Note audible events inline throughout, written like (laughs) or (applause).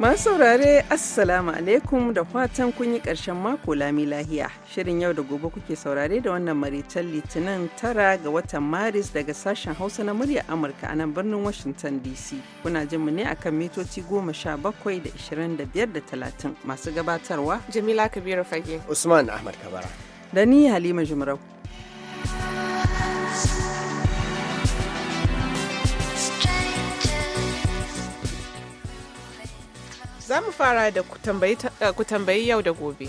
Masu saurare Assalamu alaikum da fatan kun yi ƙarshen mako lami lahiya. Shirin yau da gobe kuke saurare da wannan maritan litinin tara ga watan Maris daga sashen Hausa na murya Amurka a nan birnin Washington DC. Kuna jin mu ne a kan mitoci goma sha bakwai da ishirin da biyar da talatin masu gabatarwa. Jamila Kabiru Fage. Usman Ahmad Kabara. Da ni Halima Jumrau. Za mu fara da eh, ku tambayi yau da gobe.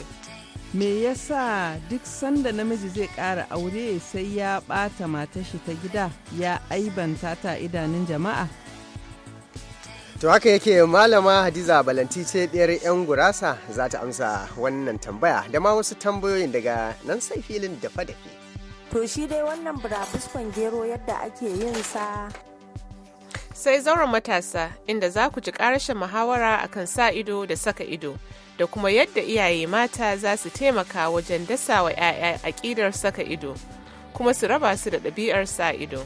Me yasa duk sanda namiji zai ƙara aure sai ya ɓata matashi ta gida ya aibanta ta idanun jama'a? To haka yake malama Hadiza Balanti ce ɗiyar 'yan gurasa za ta amsa wannan tambaya da ma wasu tambayoyin daga nan sai filin dafa-dafe. To shi dai wannan burabuskon gero yadda ake yin sa sai zauren matasa inda za ku ji ƙarashin muhawara akan sa ido da saka ido da kuma yadda iyaye mata za su taimaka wajen dasa wa 'ya'ya aƙidar saka ido kuma su raba su da ɗabi'ar sa ido.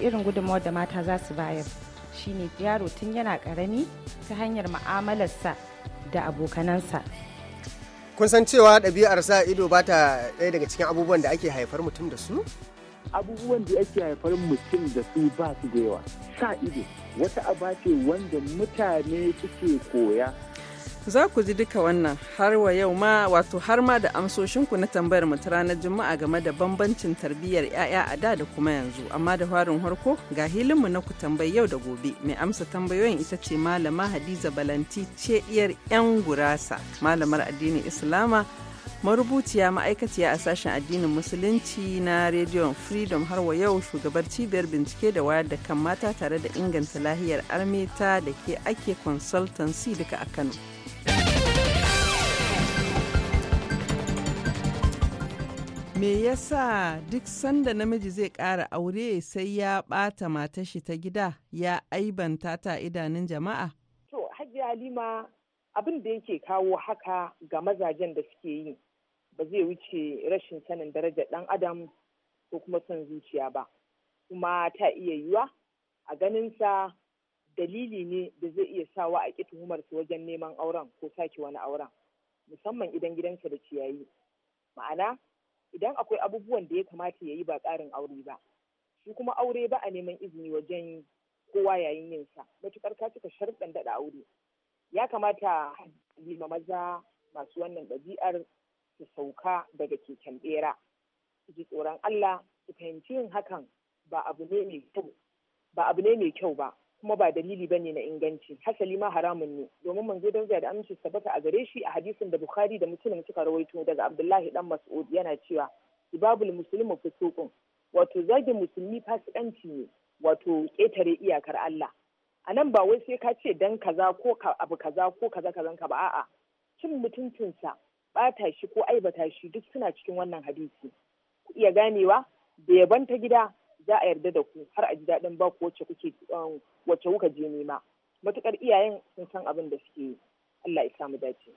Irin gudunmawar da mata za su bayar shine yaro tun yana ƙarami ta hanyar ma'amalarsa da abokanansa. Kun san cewa ɗabi'ar sa ido ba ta ɗaya daga cikin abubuwan da ake haifar mutum da su? abubuwan da ake haifar mutum da su ba su da yawa sa ido wata aba ce wanda mutane suke koya za ku ji duka wannan har wa yau ma wato har ma da amsoshinku na tambayar mu ta ranar juma'a game da bambancin tarbiyyar 'ya'ya a da da kuma yanzu amma da farin harko ga hilinmu na ku tambayi yau da gobe mai amsa tambayoyin ita ce malama hadiza balanti ce diyar 'yan gurasa malamar addinin islama marubuciya ma'aikaciya a sashen addinin musulunci na rediyon freedom har wa yau shugabar cibiyar bincike da wayar da kan mata tare da inganta lahiyar armeta da ke ake consultancy duka a kano me yasa duk sanda namiji zai ƙara aure sai ya ɓata matar shi ta gida ya aibanta ta idanun jama'a to hajji halima abin da yake kawo haka ga mazajen da suke yi ba zai wuce rashin sanin darajar ɗan adam ko kuma son zuciya ba kuma ta iya yiwa a ganinsa dalili ne da zai iya sawa a ƙi tuhumarsa wajen neman auren ko sake wani auren musamman idan gidansa da ciyayi ma'ana idan akwai abubuwan da ya kamata ya yi ba ƙarin aure ba shi kuma aure ba a neman izini wajen kowa yayin yinsa matuƙar ka cika sharɗan daɗa aure ya kamata lima maza masu wannan ɗabi'ar su sauka daga keken bera su ji tsoron Allah su fahimci yin hakan ba abu ne mai kyau ba Kuma ba dalili ba ne na inganci hasali ma haramun ne domin manzo dan da aminci sabata a gare shi a hadisin da Bukhari da Muslim suka rawaito daga Abdullahi dan Mas'ud yana cewa ibabul muslimu fusuqun wato zagin musulmi fasikanci ne wato ƙetare iyakar Allah a nan ba wai sai ka ce dan kaza ko abu kaza ko kaza kazan ba a'a cin mutuncinsa batashi shi ko aibata shi duk suna cikin wannan hadisi ku iya ganewa da yaban ta gida za a yarda da ku har a ji daɗin ba ku wacce kuke um, wacce kuka je nema matukar iyayen sun san abin da suke yi Allah ya samu dace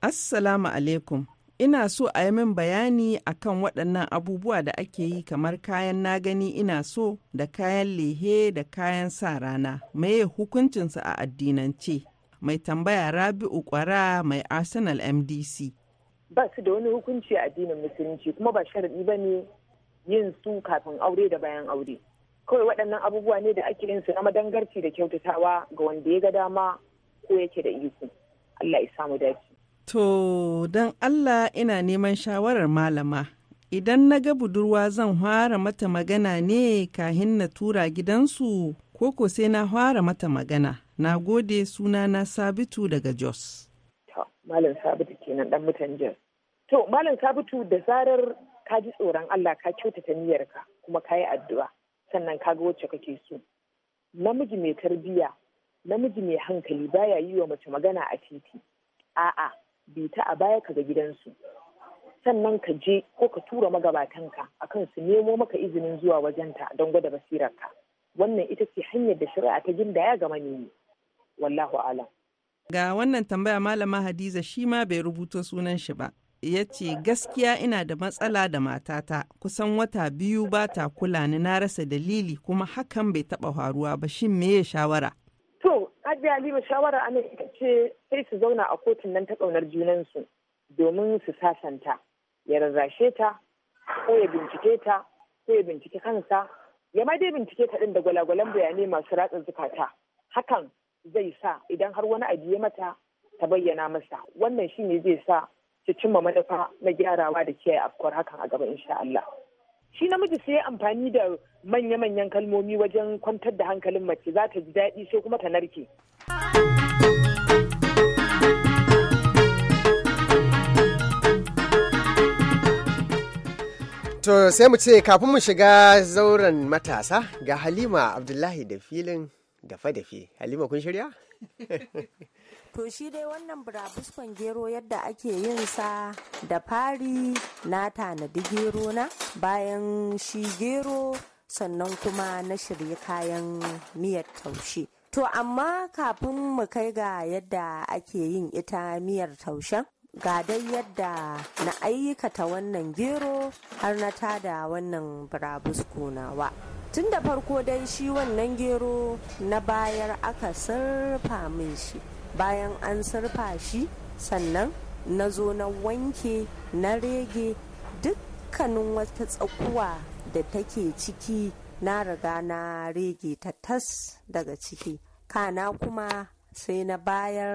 Assalamu alaikum ina so a yi min bayani akan waɗannan abubuwa da ake yi kamar kayan na gani ina so da kayan lehe da kayan sa rana maye hukuncinsa a addinance mai tambaya Rabi'u Kwara mai Arsenal MDC. Ba su da wani hukunci a addinin musulunci kuma ba sharaɗi ba ne yin su kafin aure da bayan aure. Kawai waɗannan abubuwa ne da ake yin su na madangarci da kyautatawa ga wanda ya ga dama ko yake da iko. Allah ya samu dace. To, don Allah ina neman shawarar malama. Idan na ga budurwa zan fara mata magana ne kahin na tura gidansu ko ko sai na fara mata magana. Na gode suna na Sabitu daga Jos. Malam Sabitu kenan dan mutan Jos. To, Malam Sabitu da zarar ka ji tsoron Allah ka kyautata niyyarka kuma ka yi addu'a sannan ka ga wacce kake so. Namiji mai tarbiyya, namiji mai hankali baya yi wa mace magana a titi. A'a, bi ta a baya ka ga gidansu. Sannan ka je ko ka tura magabatanka akan su nemo maka izinin zuwa wajenta don gwada basirar ka Wannan ita ce hanyar da shari'a ta gindaya ga manemi. wallahu alam ga wannan tambaya malama hadiza shi ma bai rubuto sunan shi ba ya ce gaskiya ina da matsala da matata kusan wata biyu ba ta kula ni na rasa dalili kuma hakan bai taba faruwa ba shin ya shawara to hajji halima shawara ana ita ce sai su zauna a kotun nan ta ƙaunar junansu domin su sasanta ya rarrashe ta ko ya bincike ta ko ya bincike kansa ya ma dai bincike ta ɗin da gwalagwalan bayanai masu ratsa zukata hakan zai sa idan har wani abu ya mata ta bayyana masa wannan shi ne zai sa ta cimma manufa na gyarawa da kiyaye afkuwar hakan a gaba insha Allah. Shi namiji sai ya amfani da manya-manyan kalmomi wajen kwantar da hankalin mace za ta ji daɗi sai kuma ta narke. To sai mu ce kafin mu shiga zauren matasa ga Halima Abdullahi da filin dafe-dafe halima kun shirya (laughs) to shi dai wannan burabuskon gero yadda ake yin sa da fari na tanadi gero na bayan shi gero sannan kuma na shirya kayan miyar taushe to amma kafin mu kai ga yadda ake yin ita miyar taushen ga dai yadda na ayyukata wannan gero har na tada wannan burabusko nawa. tun da farko dai shi wannan gero na bayar aka surfa min shi bayan an surfa shi sannan na zo na wanke na rege dukkanin wata tsakuwa da take ciki na riga na rege ta tas daga ciki kana kuma sai na bayar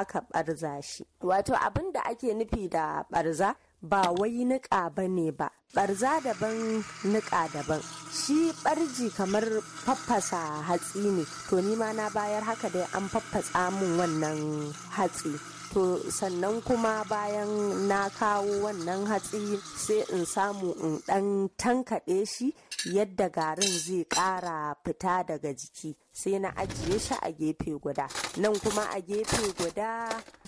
aka barza shi wato abin da ake nufi da barza ba wai niƙa ba ne ba barza daban niƙa daban shi barji kamar faffasa hatsi ne to nima na bayar haka dai an faffasa mun wannan hatsi to sannan kuma bayan na kawo wannan hatsi sai in samu in ɗan tankaɗe shi yadda garin zai ƙara fita daga jiki sai na ajiye shi a gefe guda nan kuma a gefe guda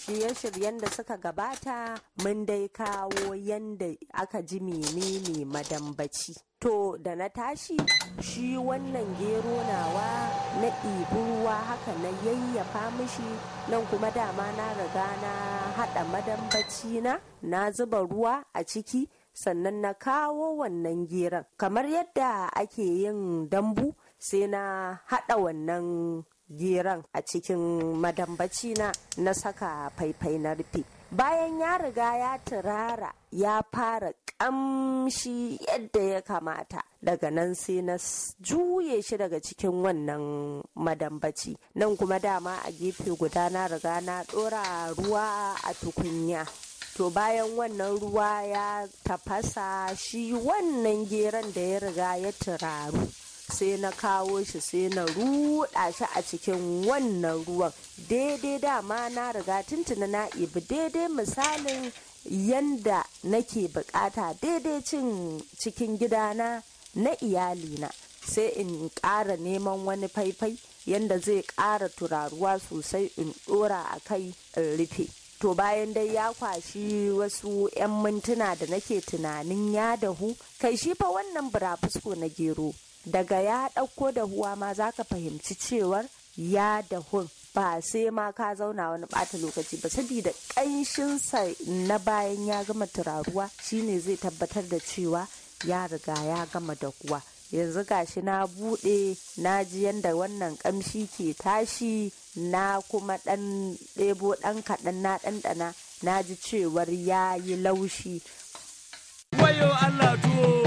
shirye-shiryen da suka gabata mun dai kawo yadda aka ji menene madambaci to da na tashi shi wannan gero nawa na ɗibi ruwa haka na yayyafa mishi nan kuma dama na riga na haɗa madambaci na na zuba ruwa a ciki sannan na kawo wannan geran kamar yadda ake yin dambu sai na haɗa wannan geran a cikin madambaci na saka faifai na rufe bayan ya riga ya turara ya fara kamshi yadda ya kamata daga nan sai na juye shi daga cikin wannan madambaci nan kuma dama a gefe guda na riga na dora ruwa a tukunya to bayan wannan ruwa ya tafasa shi wannan geron da ya riga ya turaru sai na kawo shi sai na ruɗa shi a cikin wannan ruwan daidai dama na riga tuntuna na ibi daidai misalin yanda nake bukata daidai cin cikin gidana na iyalina sai in ƙara neman wani faifai yanda zai ƙara turaruwa sosai in ɗora a kai in rufe to bayan dai ya kwashi wasu 'yan mintuna da nake tunanin ya dahu kai shi fa wannan burafusko na gero daga ya ɗauko huwa ma za ka fahimci cewar ya hun ba sai ma ka zauna wani bata lokaci ba saboda ƙanshinsa na bayan ya gama turaruwa shine zai tabbatar da cewa ya riga ya gama da huwa yanzu gashi na buɗe na ji yadda wannan ƙamshi ke tashi na kuma ɗan ɗebo ɗan kaɗan na ɗanɗana na ji cewar ya yi laushi. Wayo Allah tuwo!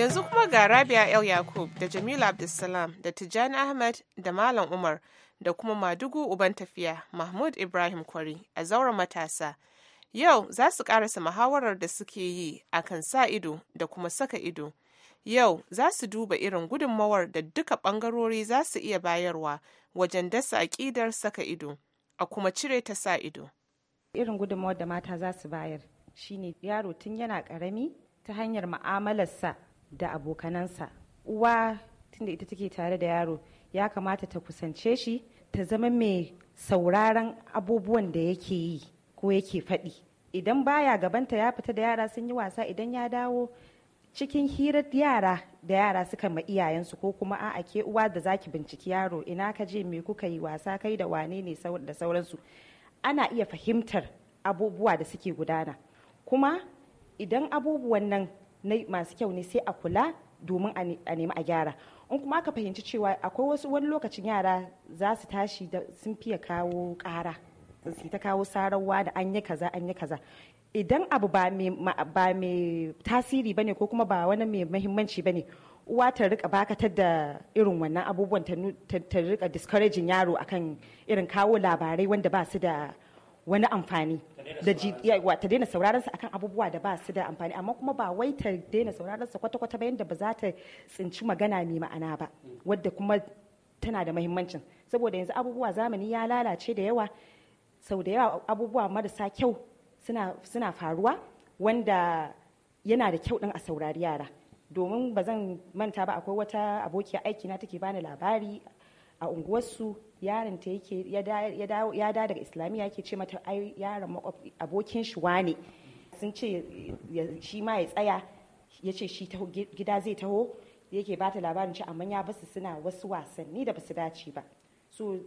Yanzu kuma ga Rabia El Yakub da Jamila Abdulsalam da Tijjani Ahmed da Malam Umar da kuma Madugu Uban Tafiya Mahmud Ibrahim Kwari a zauren matasa. Yau za su karasa muhawarar da suke yi a kan sa ido da kuma saka ido. Yau za su duba irin gudunmawar da duka ɓangarori za su iya bayarwa wajen dasa aƙidar saka ido, a kuma cire ta sa ido. Irin gudunmawar da mata za su bayar shine yaro tun yana ƙarami ta hanyar ma'amalarsa da abokanansa uwa tunda ita take tare da yaro ya kamata ta kusance shi ta zama mai sauraron abubuwan da yake yi ko yake faɗi idan baya gabanta ya fita da yara sun yi wasa idan ya dawo cikin hirar yara da yara suka ma iyayensu ko kuma a'a ke uwa da zaki binciki yaro ina ka je me kuka yi wasa kai da wane ne da sauransu ana iya fahimtar abubuwa da suke gudana kuma idan abubuwan nan na masu kyau ne sai a kula domin a nemi a gyara in kuma aka fahimci cewa akwai wasu wani lokacin yara za su tashi da sun fiye kawo ƙara su ta kawo sarawa da an yi kaza an yi kaza idan abu ba mai tasiri bane ko kuma ba wani mai mahimmanci bane uwa ta rika bakatar da irin wannan abubuwan ta rika discouraging yaro akan irin kawo labarai wanda ba su da wani amfani da yawa ta daina sauraron sa akan abubuwa da ba su da amfani amma kuma ba wai ta daina sauraron sa kwata-kwata ba yanda ba za ta tsinci magana mai ma'ana ba wadda kuma tana da mahimmancin saboda yanzu abubuwa zamani ya lalace da yawa sau da yawa abubuwa marasa kyau suna faruwa wanda yana da kyau din a saurari yara domin ba zan manta ba akwai wata abokiya aiki na take bani labari a unguwarsu yaron ta yake ya da daga islamiyya yake ce mata ai yaron abokin shi wane sun ce shi ma ya tsaya ya ce shi gida zai taho yake ba ta labarin ci amma ya basu suna wasu wasanni da basu dace ba so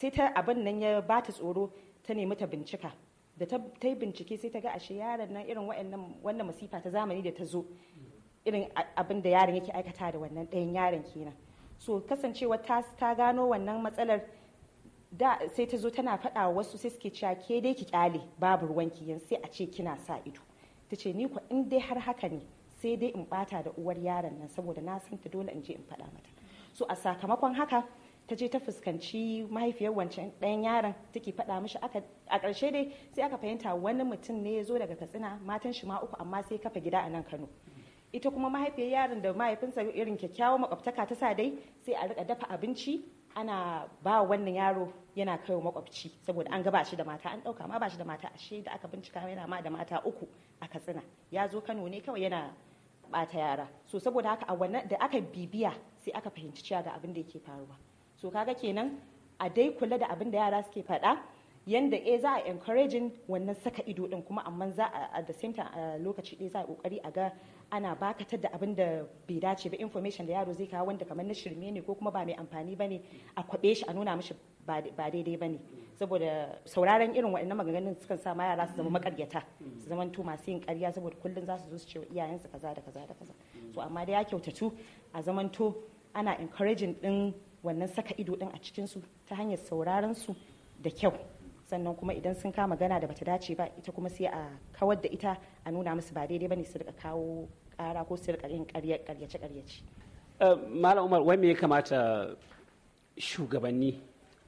sai ta abin nan ya ba ta tsoro ta nemi ta bincika da ta yi bincike sai ta ga ashe yaron nan irin wannan masifa ta zamani da ta zo irin abin da yaron yake aikata da wannan ɗayan yaron kenan so kasancewa ta, gano wannan matsalar da sai ta zo tana faɗa wa wasu sai suke cewa ke dai ki kyale babu ruwanki yan sai a ce kina sa ido ta ce ni ko in dai har haka ne sai dai in bata da uwar yaron nan saboda na san ta dole in je in fada mata so a sakamakon haka ta je ta fuskanci mahaifiyar wancan ɗayan yaron take faɗa mishi a ƙarshe dai sai aka fahimta wani mutum ne ya zo daga katsina matan shi ma uku amma sai kafa gida a nan kano ita kuma mahaifiyar yaron da mahaifinsa irin kyakkyawan makwabtaka ta sa dai sai a rika dafa abinci ana ba wannan yaro yana kai wa makwabci saboda an ga shi da mata an dauka ma ba shi da mata ashe da aka bincika yana ma da mata uku a katsina ya zo kano ne kawai yana bata yara so saboda haka a wannan da aka bibiya sai aka fahimci cewa ga abin da yake faruwa so kaga kenan a dai kula da abin da yara suke faɗa yanda eh za a encouraging wannan saka ido din kuma amma za a at the same time a lokaci ɗaya za a kokari a ga ana bakatar da abin da bai dace ba information da yaro zai kawo wanda kamar na shirme ne ko kuma ba mai amfani ba ne a kwabe shi a nuna mishi ba daidai ba ne saboda sauraron irin waɗannan maganganun sukan sa ma yara su zama makaryata su zama to masu yin ƙarya saboda kullum za su zo su ce iyayensu kaza da kaza da kaza so amma da ya kyautatu a zaman to ana encouraging din wannan saka ido din a cikin su ta hanyar sauraron su da kyau sannan kuma idan sun kama gana da bata dace ba ita kuma sai a kawar da ita a nuna musu ba daidai bane su rika kawo ƙara ko sirka yin karyace karyace eh, malam umar wai ya kamata shugabanni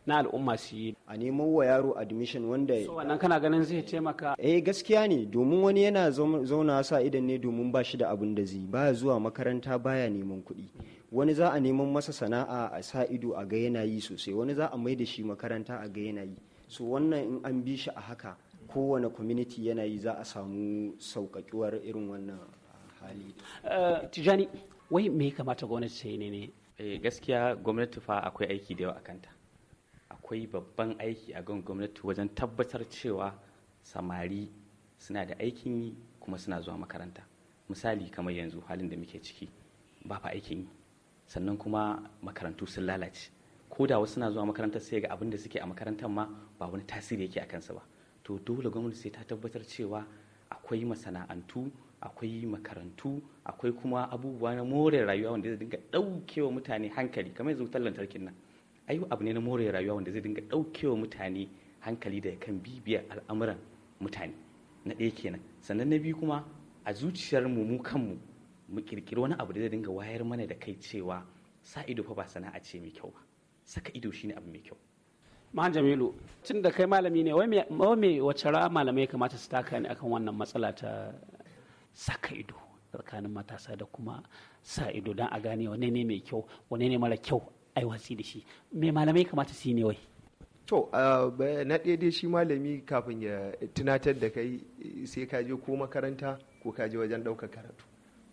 na al'umma su yi a neman wa yaro admission wanda so wannan kana ganin zai taimaka eh gaskiya ne domin wani yana zauna sa idan ne domin ba shi da abin da zai ba zuwa makaranta baya neman kuɗi wani za a neman masa sana'a a sa ido a ga yana yi sosai wani za a mai da shi makaranta a ga yana yi so wannan in an bi shi a haka kowane community yana yi za a samu sauƙaƙewar irin wannan hali eh, tijani wai me ya kamata gwamnati ta yi ne ne eh, gaskiya gwamnati fa akwai aiki da yawa a kanta akwai babban aiki a gan gwamnati wajen tabbatar cewa samari suna da aikin yi kuma suna zuwa makaranta misali kamar yanzu halin da muke ciki ba fa aikin yi sannan kuma makarantu sun lalace ko da wasu suna zuwa makaranta sai ga abin da suke a makarantar ma ba wani tasiri yake a kansa ba to dole gwamnati sai ta tabbatar cewa akwai masana'antu akwai makarantu akwai kuma abubuwa na more rayuwa wanda zai dinga ɗaukewa mutane hankali kamar yanzu wutar lantarkin nan ai abu ne na more rayuwa wanda zai dinga ɗaukewa mutane hankali da kan bibiya al'amuran mutane na ɗaya kenan sannan na biyu kuma a zuciyar mu mu kanmu mu kirkiri wani abu da zai dinga wayar mana da kai cewa sa ido fa ba sana'a ce mai kyau ba saka ido shine abu mai kyau Mahan Jamilu, tun da kai malami ne, wai me wace rawa malamai kamata su taka ne akan wannan matsala ta saka ido tsakanin matasa da kuma sa ido don a gane wane ne mai kyau wane ne mara kyau yi watsi da shi me malamai kamata su yi ne wai to ah, na ɗaya dai shi malami kafin ya tunatar da kai sai ka je ko makaranta ko ka je wajen ɗaukar karatu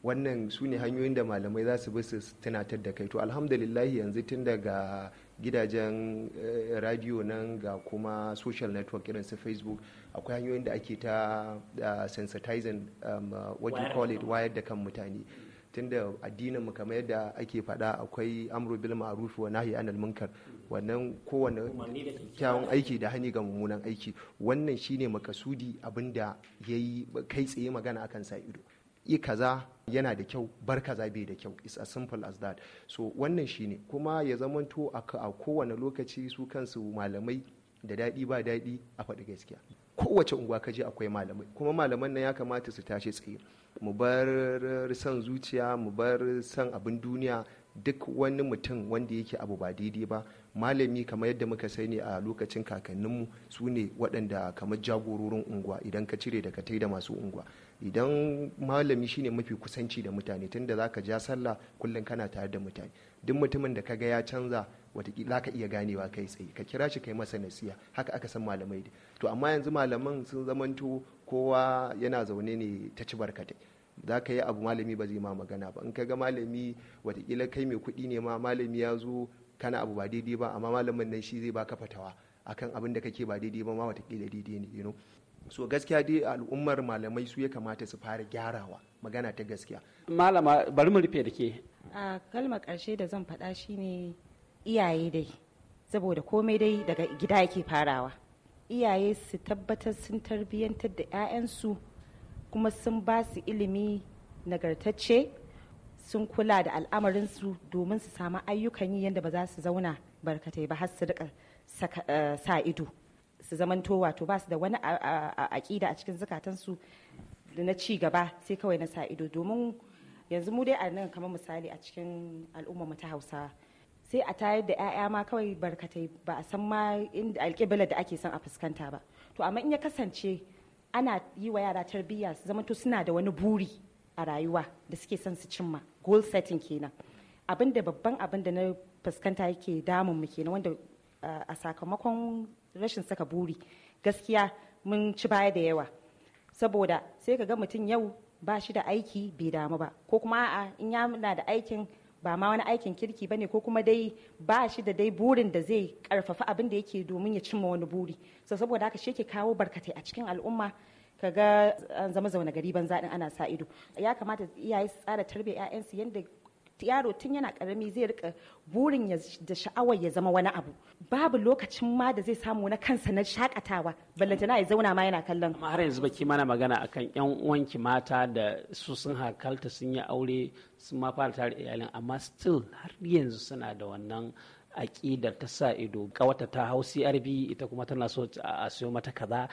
wannan su ne hanyoyin da malamai za su bi su tunatar da kai to alhamdulillahi yanzu tun daga gidajen eh, radio nan ga kuma social network irin su facebook akwai hanyoyin da ake ta ah, sensitizing um, what you call it wayar da kan mutane tunda addinin mu kamar yadda ake faɗa akwai amru bil ma'ruf wa nahi anil munkar wannan kowanne kyawun aiki da hani ga mummunan aiki wannan shine makasudi abinda yayi kai tsaye magana akan sa ido yi kaza yana da kyau bar kaza bai da kyau it's as simple as that so wannan shine kuma ya zamanto a kowane lokaci su kansu malamai da daɗi ba daɗi a faɗi gaskiya kowace unguwa ka je akwai malamai kuma malaman nan ya kamata su tashi tsaye mu bar san zuciya mu bar san abin duniya duk wani mutum wanda yake abu ba daidai ba malami kamar yadda muka sani a lokacin kakanninmu su ne waɗanda kamar jagororin unguwa idan ka cire da ka masu unguwa idan malami shine mafi kusanci da mutane tunda za ka ja sallah kullum kana tare da mutane duk mutumin da ka ga ya canza watakila ka iya ganewa kai tsaye ka kira shi kai masa nasiya haka aka san malamai to amma yanzu malaman sun zamanto kowa yana zaune ne ta ci barkatai za ka yi abu malami ba zai ma magana ba in ka ga malami watakila kai mai kuɗi ne ma malami ya zo kana abu ba daidai ba amma malamin nan shi zai baka fatawa akan abin da kake ba daidai ba ma watakila daidai ne you know so gaskiya dai al'ummar malamai su ya kamata su fara gyarawa magana ta gaskiya malama bari mu rufe da ke a kalma karshe da zan faɗa shine iyaye dai saboda komai dai daga gida yake farawa iyaye su tabbatar sun tarbiyyantar da 'ya'yansu kuma sun ba su ilimi nagartacce sun kula da al'amarinsu domin su samu ayyukan yi yadda ba za su zauna barkatai ba har su rika eh, sa ido su zamanto wato ba su da wani aƙida a cikin zukatansu na ci gaba sai kawai na sa ido domin yanzu mu dai a nan kamar misali a cikin mu ta hausa sai a tayar da 'ya'ya ma kawai barkatai ba a san ma inda alƙiblar da ake son a fuskanta ba to amma in ya kasance ana yi wa yara tarbiyya su zamanto suna da wani buri a rayuwa da suke son su cimma goal setting kenan abin da babban abin da na fuskanta yake damun mu kenan wanda ah, a sakamakon rashin saka buri gaskiya mun ci baya da yawa saboda sai ka ga mutum yau ba shi da aiki bai damu ba ko kuma a'a in ya da aikin ba ma wani aikin kirki bane ko kuma dai ba shi da dai burin da zai karfafa abin da yake domin ya cimma wani buri so saboda haka shi ke kawo barkatai a cikin al'umma kaga an zama zaune gari banza zaɗin ana sa ido ya kamata iyaye su tsara tarbiyyar 'ya'yansu yadda yaro tun yana karami zai rika burin da sha'awar ya zama wani abu babu lokacin ma da zai samu na kansa na shakatawa ballantana ya zauna ma yana kallon amma har yanzu baki mana magana akan yan uwanki mata da su sun hakalta sun yi aure sun ma fara tare iyalin amma still har yanzu suna da wannan aƙidar ta sa ido wata ta hau crb ita kuma tana so a siyo mata kaza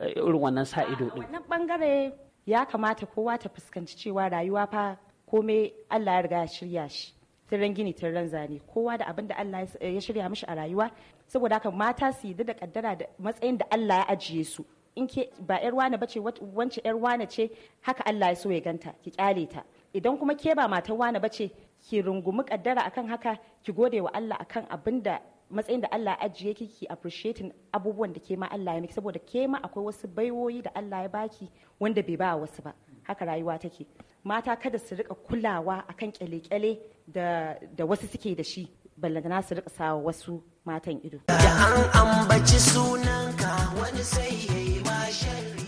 irin wannan sa ido din wannan bangare ya kamata kowa ta fuskanci cewa rayuwa fa komai allah ya riga ya shirya shi ran gini ran zane kowa da abin da allah ya shirya mishi a rayuwa saboda haka mata su yi da kaddara da matsayin da allah ya ajiye su in ke ba yar wane ce wance yar wane ce haka allah ya so ya ganta ki kyale ta idan kuma ke ba matar wani bace ki rungumi kaddara akan haka ki gode wa Allah akan abinda matsayin da Allah ajiye ki ki appreciating abubuwan da ke ma Allah ya miki saboda ke ma akwai wasu baiwoyi da Allah ya baki wanda bai ba wasu ba haka rayuwa take mata kada su rika kulawa akan kyale-kyale da, da wasu suke da shi ballantana su rika sawa wasu matan ido da an ambaci sunanka wani sai yayi ma sharri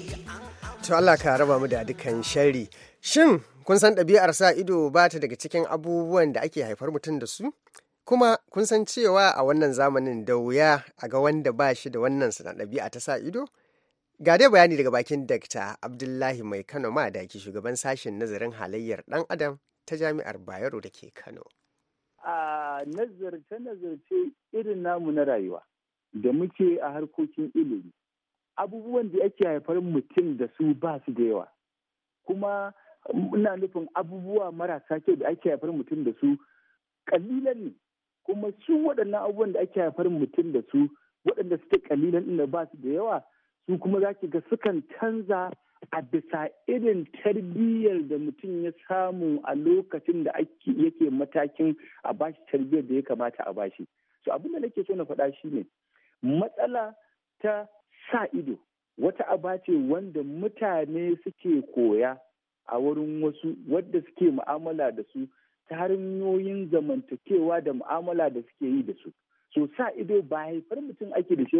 to Allah ka raba mu da dukan sharri shin kun san ɗabi'ar sa ido ba ta daga cikin abubuwan da ake haifar mutum da su kuma kun san cewa a wannan zamanin da wuya a ga wanda ba shi da wannan sana ɗabi'a ta sa ido ga dai bayani daga bakin Dr abdullahi mai kano ma ke shugaban sashen nazarin halayyar ɗan adam ta jami'ar bayero da ke kano a nazarce nazarce irin namu na rayuwa da muke a harkokin ilimi abubuwan da ake haifar mutum da su ba su da yawa kuma ina nufin abubuwa marasa kyau da ake haifar mutum da su kalilan ne kuma su waɗannan abubuwan da ake haifar mutum da su waɗanda suke kalilan ina ba su da yawa su kuma za ki ga sukan canza a bisa irin tarbiyyar da mutum ya samu a lokacin da yake matakin a bashi tarbiyyar da ya kamata a bashi so abin da nake so na faɗa ne. matsala ta sa ido wata aba ce wanda mutane suke koya a wurin wasu wadda suke mu'amala da su ta hanyoyin zamantakewa da mu'amala da suke yi da su so sa ido ba haifar mutum ake da shi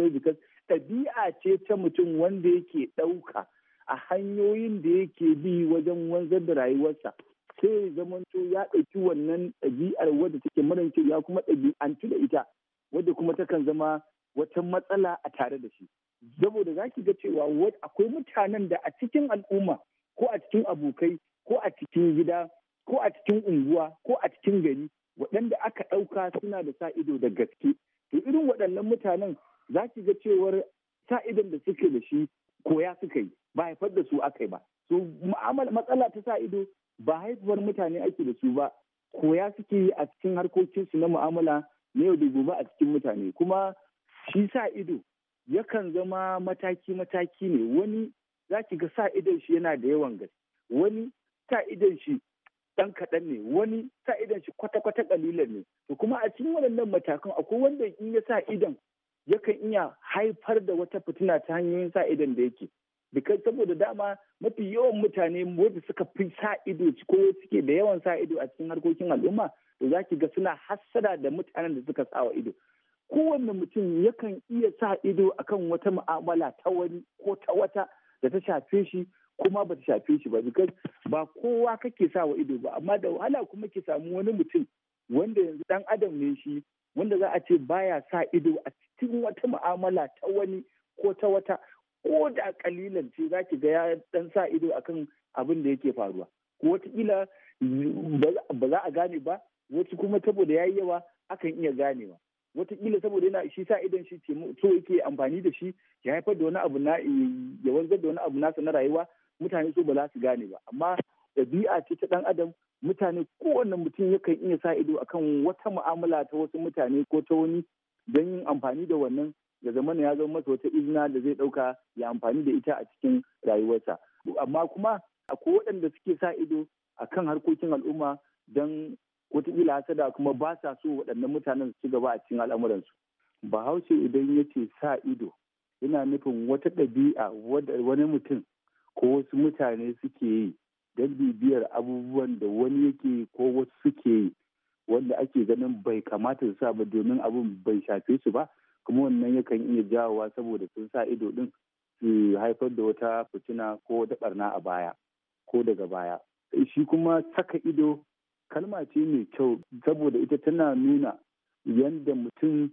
ɗabi'a ce ta mutum wanda yake ɗauka a hanyoyin da yake bi wajen wanzar da rayuwarsa sai zamanto ya ɗauki wannan ɗabi'ar wadda take mara kyau ya kuma ɗabi'antu da ita wadda kuma takan zama wata matsala a tare da shi saboda za ki ga cewa akwai mutanen da a cikin al'umma ko a cikin abokai ko a cikin gida ko a cikin unguwa ko a cikin gari waɗanda aka ɗauka suna da sa ido da gaske to irin waɗannan mutanen za ki ga cewar sa idon da suke da shi koya suka yi ba haifar da su aka yi ba so matsala ta sa ido ba haifar mutane ake da su ba koya suke yi a cikin harkokinsu na mu'amala na yau da gobe a cikin mutane kuma shi sa ido yakan zama mataki-mataki ne wani za ki ga sa idon shi yana da yawan gaske wani sa idon shi dan kaɗan ne wani sa idon shi kwata-kwata kalilan ne to kuma a cikin waɗannan matakan akwai wanda in ya sa idon yakan iya haifar da wata fitina ta hanyoyin sa idon da yake bikai saboda dama mafi yawan mutane wanda suka fi sa ido ko suke da yawan sa ido a cikin harkokin al'umma to za ki ga suna hassada da mutanen da suka sawa ido kowanne mutum yakan iya sa ido akan wata mu'amala ta wani ko ta wata da ta shafe shi kuma ba ta shafe shi ba because ba kowa kake sa wa ido ba amma da wahala kuma ke samu wani mutum wanda yanzu dan adam ne shi wanda za a ce baya sa ido a cikin wata mu'amala ta wani ko ta wata ko da kalilan ce za ki ga ya dan sa ido akan abin da yake faruwa ko watakila ba za a gane ba wasu kuma saboda ya yi yawa akan iya ganewa wataƙila saboda yana shi sa idan shi ce so yake amfani da shi ya haifar da wani abu na eh, ya wanzar da wani abu nasa na rayuwa mutane so ba za su gane ba amma ɗabi'a ce ta ɗan adam mutane kowanne mutum yakan iya sa ido akan wata mu'amala ta wasu mutane ko ta wani don yin amfani da wannan ya zama ya zama masa wata izina da zai ɗauka ya amfani da ita a cikin rayuwarsa amma kuma akwai waɗanda suke sa ido akan harkokin al'umma don wataƙila hasada kuma ba sa so waɗannan mutanen su ci gaba a cikin al'amuransu bahaushe idan ya ce sa ido yana nufin wata ɗabi'a wani mutum ko wasu mutane suke yi don bibiyar abubuwan da wani yake ko wasu suke yi wanda ake ganin bai kamata su sa ba domin abun bai shafe su ba kuma wannan yakan iya jawowa saboda sun sa ido din su haifar da wata fitina ko wata barna a baya ko daga baya shi kuma saka ido kalma ce mai kyau saboda ita tana nuna yadda mutum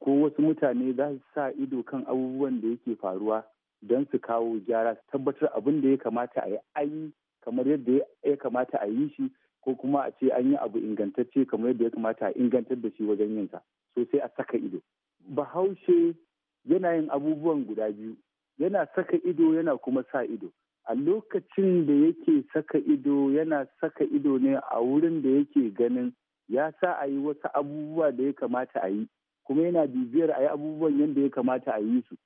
ko wasu mutane za su sa ido kan abubuwan da yake faruwa don su kawo gyara su tabbatar abin da ya kamata a yi ayi kamar yadda ya kamata a yi shi ko kuma a ce an yi abu ingantacce kamar yadda ya kamata a ingantar da shi wajen yin sa so sai a saka ido bahaushe yana yin abubuwan guda biyu yana saka ido yana kuma sa ido a lokacin da yake saka ido yana saka ido ne a wurin da yake ganin ya sa a yi wasu abubuwa da ya kamata a yi kuma yana bibiyar a yi abubuwan yadda ya kamata a yi su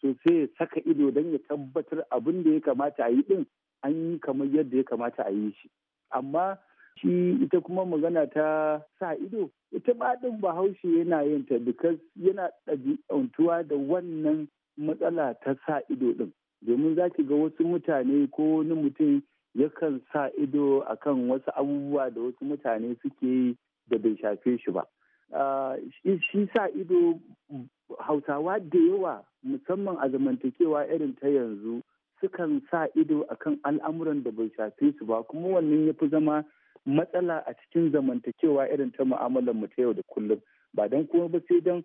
so sai ya saka ido don ya tabbatar abin da ya kamata a yi din an yi kamar yadda ya kamata a yi shi amma shi ita kuma magana ta sa ido ita ma din bahaushe yana yin ta yana ɗabi'antuwa da wannan matsala ta sa ido din domin za ki ga wasu mutane ko wani mutum yakan sa ido akan wasu abubuwa da wasu mutane suke yi da bai shafe shi ba ah, shi sa ido hausawa da yawa musamman a zamantakewa irin ta yanzu sukan sa ido akan al'amuran da bai shafe su ba kuma wannan ya fi zama matsala a cikin zamantakewa irin ta mu'amalar mu ta yau da kullum ba don kuma ba sai don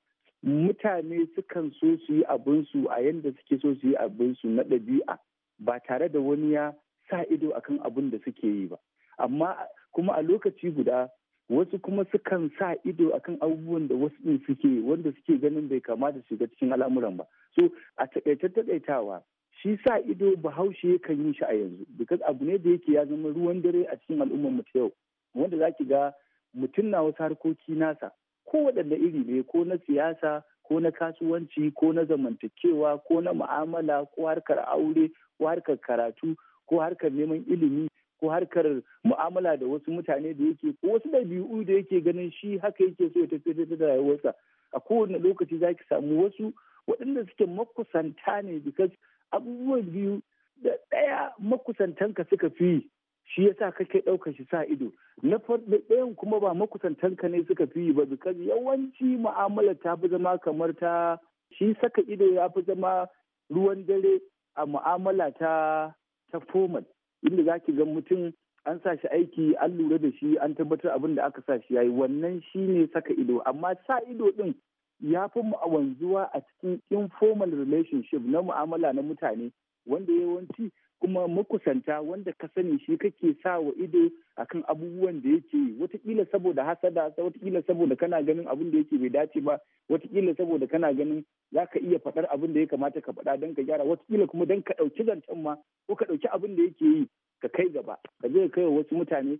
mutane sukan so su yi abinsu a yadda suke so su yi abinsu na ɗabi'a ba tare da wani ya sa ido akan abin da suke yi ba amma kuma a lokaci guda wasu kuma sukan sa ido akan abubuwan da wasu ɗin suke wanda suke ganin bai kamata su shiga cikin al'amuran ba so a taƙaice taƙaitawa shi sa ido bahaushe kan yi shi a yanzu because abu ne da yake ya zama ruwan dare a cikin al'ummar mu ta yau wanda za ki ga mutum na wasu harkoki nasa kowaɗanne iri ne ko na siyasa ko na kasuwanci ko na zamantakewa ko na mu'amala ko harkar aure ko harkar karatu ko harkar neman ilimi ko harkar mu'amala da wasu mutane da yake ko wasu ɗabi'u da yake ganin shi haka yake so ya tafi da rayuwarsa a kowane lokaci za ki samu wasu waɗanda suke makusanta ne bikas abubuwan biyu da ɗaya makusantanka suka fi shi ya sa kake ɗaukar shi sa ido na ɗayan kuma ba makusantanka ne suka fi yi ba because yawanci mu'amala ta fi zama kamar ta shi saka ido ya fi zama ruwan dare a mu'amala ta ta formal inda za ki ga mutum an sa shi aiki an lura da shi an tabbatar abin da aka sa shi yayi wannan shi ne saka ido amma sa ido ɗin ya fi wanzuwa a cikin informal relationship na mu'amala na mutane wanda yawanci kuma makusanta wanda ka sani shi kake sa wa ido akan abubuwan da yake yi watakila saboda hasada watakila saboda kana ganin abin da yake bai dace ba watakila saboda kana ganin za ka iya faɗar abin da ya kamata ka faɗa don ka gyara watakila kuma don ka ɗauki zancen ma ko ka ɗauki abin da yake yi ka kai gaba ka je ka kai wa wasu mutane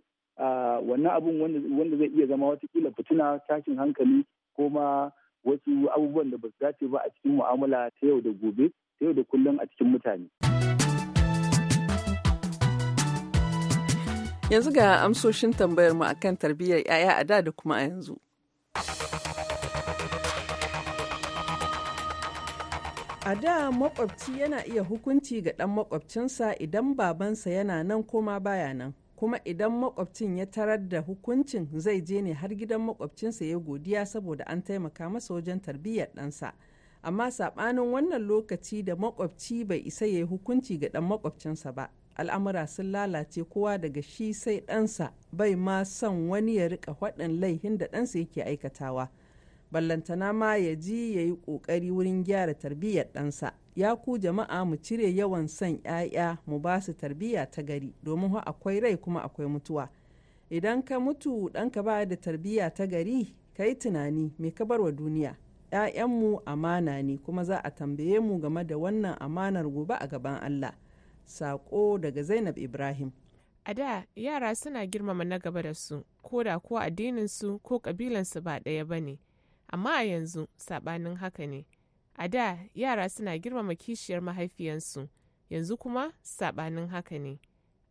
wannan abin wanda zai iya zama watakila fitina tashin hankali ko ma wasu abubuwan da ba su dace ba a cikin mu'amala ta yau da gobe ta yau da kullum a cikin mutane. Yanzu ga amsoshin tambayar mu akan tarbiyyar 'ya'ya a da da kuma a yanzu. A da makwabci yana iya hukunci ga ɗan makwabcinsa idan babansa yana nan koma baya nan. Kuma idan makwabcin ya tarar da hukuncin zai je ne har gidan makwabcinsa ya godiya saboda an taimaka masa wajen tarbiyyar ɗansa. Amma saɓanin wannan lokaci da makwabci bai isa ya yi hukunci ga ɗan makwabcinsa ba, al'amura sun lalace kowa daga shi sai ɗansa bai ma son wani ya rika faɗin laihin da ɗansa yake aikatawa ballantana ma ya ji ya yi ƙoƙari wurin gyara tarbiyyar ɗansa ya ku jama'a mu cire yawan son 'ya'ya mu ba su tarbiyya ta gari domin akwai rai kuma akwai mutuwa idan ka mutu ɗanka ba da tarbiyya ta gari ka yi tunani mai ka bar wa duniya ‘ya'yanmu amana ne kuma za a tambaye mu game da wannan amanar gobe a gaban Allah. Sako daga Zainab Ibrahim. A da yara suna girmama na gaba da su, ko da ko addininsu ko ƙabilansu ba ɗaya ba ne, amma a yanzu saɓanin haka ne. A da yara suna girmama kishiyar mahaifiyansu, yanzu kuma saɓanin haka ne.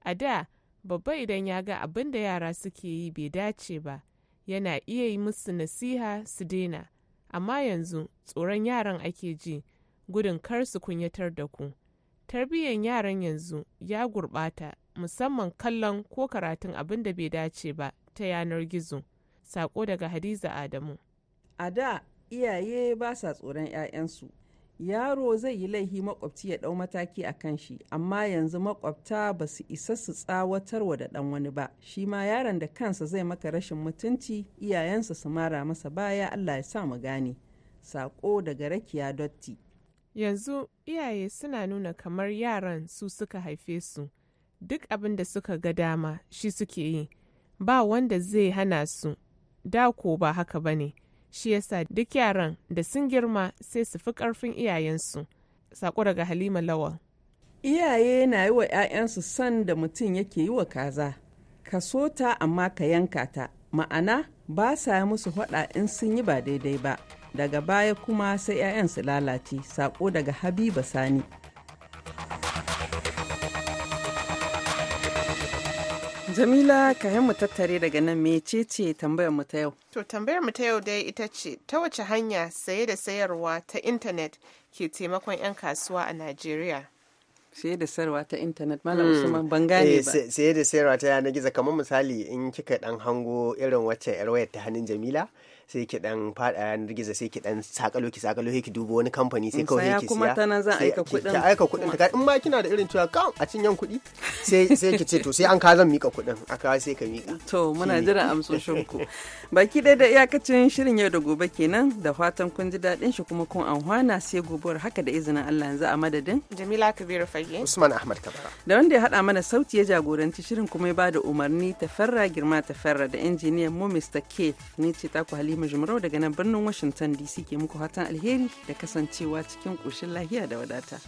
A da babba idan ya ga abin da yara suke yi bai dace ba, yana iya yi musu nasiha su daina, amma yanzu tsoron yaran ake ji, gudun kar su kunyatar da ku. tarbiyyar yaran yanzu ya gurɓata musamman kallon ko karatun abin da bai dace ba ta yanar gizo sako daga hadiza adamu a da iyaye ba sa tsoron 'ya'yansu yaro zai yi laihi makwabci ya ɗau mataki a kan shi amma yanzu makwabta ba su isa su tsawatarwa da ɗan wani ba shi ma yaron da kansa zai maka rashin mutunci iyayensa su mara masa baya allah ya sa mu gane sako daga rakiya dotti Yanzu iyaye suna nuna kamar yaran su suka haife su, duk abin da suka ga dama shi suke yi, ba wanda zai hana su, da ko ba haka ba ne, shi yasa duk yaran da sun girma sai su fi ƙarfin iyayensu. Sako daga Halima Lawal. Iyaye na yi wa 'ya'yansu son da mutum yake yi wa kaza, ka so ta amma ka yanka ta, ma'ana ba sa musu faɗa in sun yi ba daidai ba. daga baya kuma sai 'ya'yan su lalace sako daga habiba sani Jamila ka mu tattare daga nan ce, tambayar mu ta yau. To tambayar mu ta yau dai ita ce ta wace hanya saye da sayarwa ta intanet ke taimakon 'yan kasuwa a Najeriya? Saye da sayarwa ta intanet malam hmm. Usman ban gane eh, ba. Saye da sayarwa ta yanar gizo kamar misali in kika dan hango irin wacce yar wayar ta hannun Jamila. sai ki dan fada yanar gizo sai ki dan sakalo ki sakalo ki dubo wani kamfani sai kawai ki siya kuma tana za aika kuɗin ki aika kuɗin ta in ma kina da irin cewa kan a yan kuɗi (laughs) sai sai ki ce to sai an ka zan mika kuɗin aka sai ka mika to muna jira amsoshin ku (laughs) baki dai da iyakacin shirin yau da gobe kenan da fatan kun ji daɗin shi kuma kun anhwana sai gobuwar haka da izinin Allah yanzu a madadin Jamila Kabiru Fage Usman Ahmad Kabara da wanda ya hada mana sauti ya jagoranci shirin kuma ya bada umarni tafarra girma tafarra da injiniyan mu Mr. Keith ni ce taku Halima Halima daga nan birnin Washington DC ke muku alheri da kasancewa cikin ƙoshin lahiya da wadata.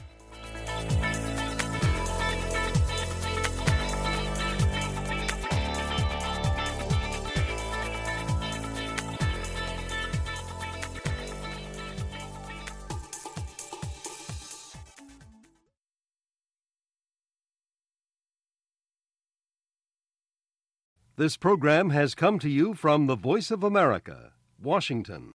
This program has come to you from the Voice of America. Washington.